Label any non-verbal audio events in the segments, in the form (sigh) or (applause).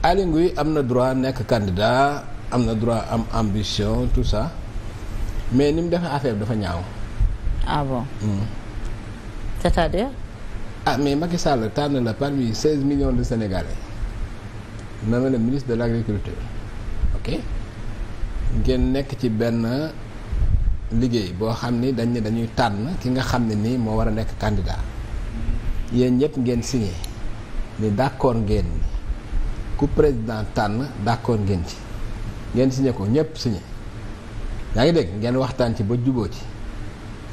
Aly Ngouille am na droit nekk candidat am na droit am ambition tout ça mais ni mu defee affaire dafa ñaaw. ah bon. Mmh. cest ah, mais Macky Sall tànn la parmi seize millions de Sénégalais na le ministre de l'agriculture ok ngeen nekk ci benn liggéey boo xam ni dañ dañuy tànn ki nga xam ne nii moo war a nekk candidat yéen ñëpp ngeen signé ni d'accord ngeen. ku président tànn d'accord ngeen ci ngeen signé ko ñëpp signé yaa ngi dégg ngeen waxtaan ci ba juboo ci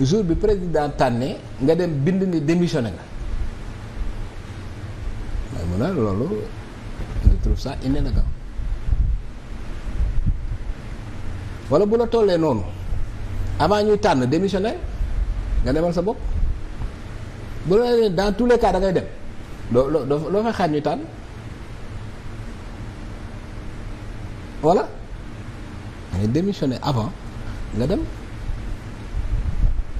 jour bi président tànnee nga dem bind ni démissionné nga mun a loolu je trouve ça inélégant wala bu la tollee noonu avant ñuy tànn démissionné nga demal sa bopp bu la nee dans tous ngay dem loo loo loo fay xaar ñuy tànn voilà da ngay avant nga dem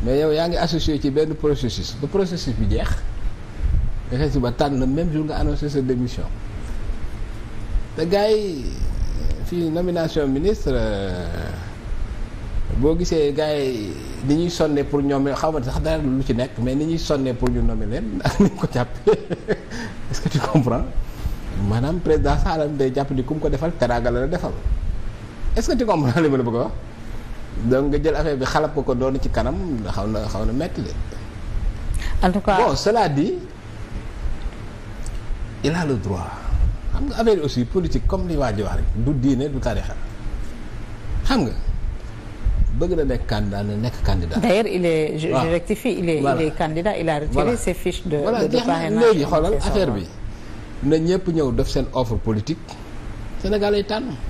mais yow yaa ngi associé ci benn processus ba processus bi jeex nga xëy si ba tànn même jour nga annoncé sa démission te gars yi fii nomination ministre boo gisee gars yi ni ñuy sonne pour ñoom xaw ma sax dara lu ci nekk mais ni ñuy sonnee pour ñu nommer leen (laughs) ak ni ko jàppee est que tu comprends. maanaam président saalam day jàpp ni ku mu ko defal teraanga la defal est-ce que tu la bëgg a wax nga jël affaire bi xalab ko ko doon ci kanam xaw na xaw na metti tout cas bon cela dit a le droit nga affaire aussi politique comme li waa ji wax rek du diine du xam nga bëgg na nekk candidat na nekk candidat. d'ailleurs il est je, voilà. je rectifie il est il est candidat il a retiré voilà. ses fiches de de parrainage. léegi xoolal affaire bi. na ñëpp ñëw def seen offre politique Sénégal ay tànn.